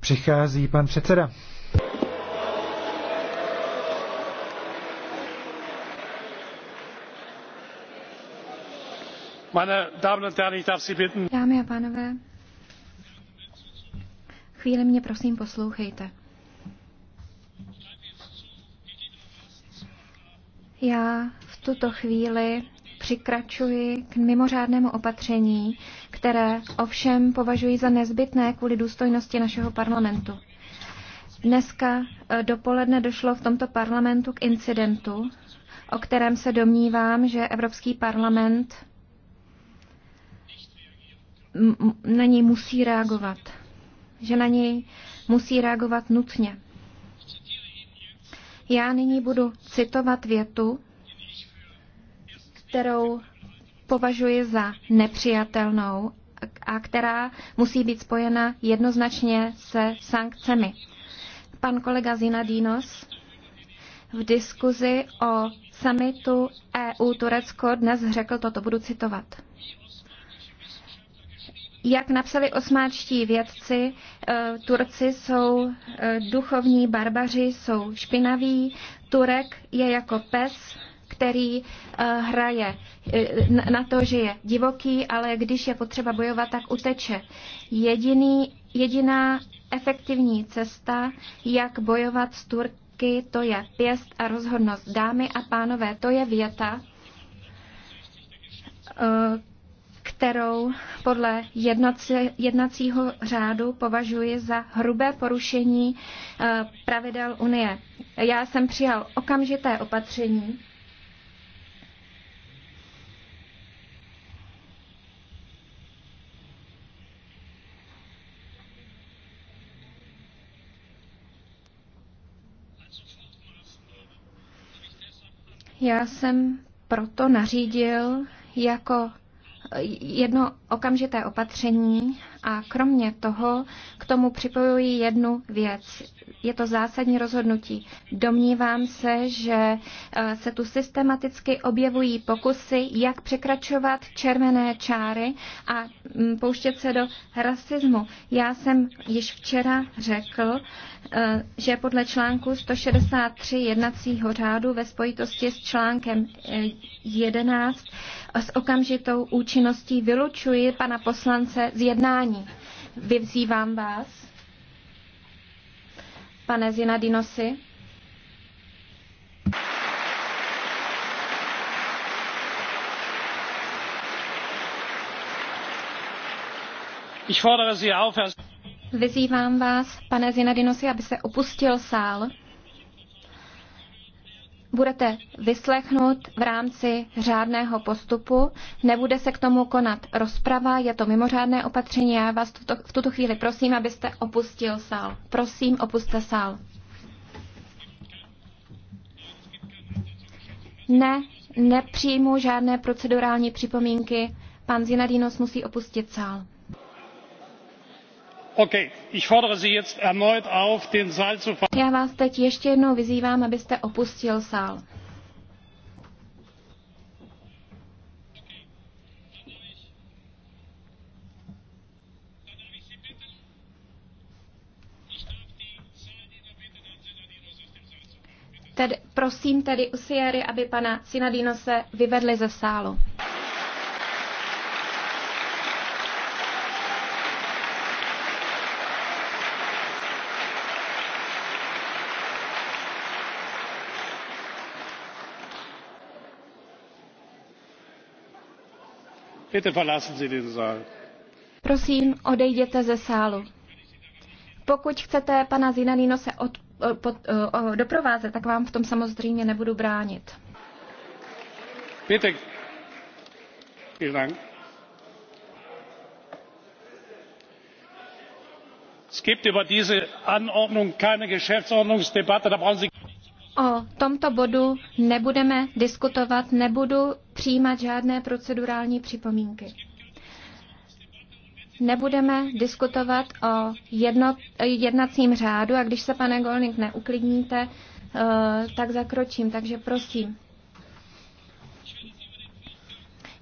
Přichází pan předseda. Dámy a pánové, chvíli mě prosím poslouchejte. Já v tuto chvíli přikračuji k mimořádnému opatření, které ovšem považuji za nezbytné kvůli důstojnosti našeho parlamentu. Dneska e, dopoledne došlo v tomto parlamentu k incidentu, o kterém se domnívám, že Evropský parlament na něj musí reagovat. Že na něj musí reagovat nutně. Já nyní budu citovat větu, kterou považuji za nepřijatelnou a která musí být spojena jednoznačně se sankcemi. Pan kolega Zina Dinos v diskuzi o samitu EU-Turecko dnes řekl toto, budu citovat. Jak napsali osmáčtí vědci, e, Turci jsou e, duchovní barbaři, jsou špinaví, Turek je jako pes, který eh, hraje eh, na to, že je divoký, ale když je potřeba bojovat, tak uteče. Jediný, jediná efektivní cesta, jak bojovat s Turky, to je pěst a rozhodnost. Dámy a pánové, to je věta, eh, kterou podle jednacího řádu považuji za hrubé porušení pravidel Unie. Já jsem přijal okamžité opatření, Já jsem proto nařídil jako jedno okamžité opatření a kromě toho k tomu připojuji jednu věc. Je to zásadní rozhodnutí. Domnívám se, že eh, se tu systematicky objevují pokusy, jak překračovat červené čáry a mm, pouštět se do rasismu. Já jsem již včera řekl, eh, že podle článku 163 jednacího řádu ve spojitosti s článkem 11 eh, s okamžitou účinností vylučuji pana poslance z jednání jednání. Vyvzývám vás, pane Zinadinosi, Vyzývám vás, pane Zinadinosi, aby se opustil sál budete vyslechnut v rámci řádného postupu. Nebude se k tomu konat rozprava, je to mimořádné opatření. Já vás tuto, v tuto chvíli prosím, abyste opustil sál. Prosím, opuste sál. Ne, nepřijmu žádné procedurální připomínky. Pan Zinadinos musí opustit sál. Já vás teď ještě jednou vyzývám, abyste opustil sál. Tedy, prosím tedy Usiary, aby pana Sinadino se vyvedli ze sálu. Prosím, odejděte ze sálu. Pokud chcete pana Zinanino se od, pod, o, doprovázet, tak vám v tom samozřejmě nebudu bránit. Bitte. Vielen Dank. es gibt über diese anordnung keine geschäftsordnungsdebatte. Da Sie o tomto bodu nebudeme diskutovat, nebudu přijímat žádné procedurální připomínky. Nebudeme diskutovat o jedno, jednacím řádu a když se, pane Golnik, neuklidníte, eh, tak zakročím. Takže prosím.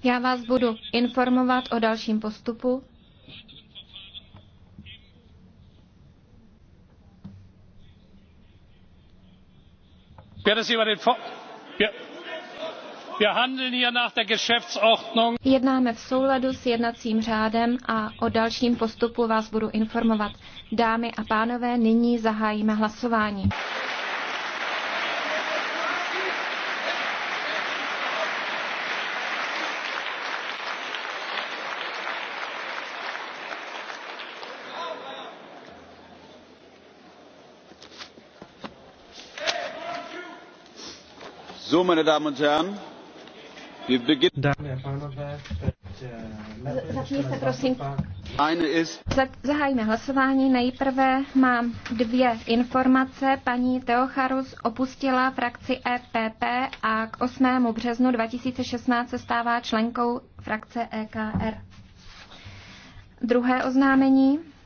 Já vás budu informovat o dalším postupu. Jednáme v souladu s jednacím řádem a o dalším postupu vás budu informovat. Dámy a pánové, nyní zahájíme hlasování. meine Damen und Herren, wir beginnen. Dámy a pánové, teď eh, prosím. Zahájíme hlasování. Nejprve mám dvě informace. Paní Teocharus opustila frakci EPP a k 8. březnu 2016 se stává členkou frakce EKR. Druhé oznámení.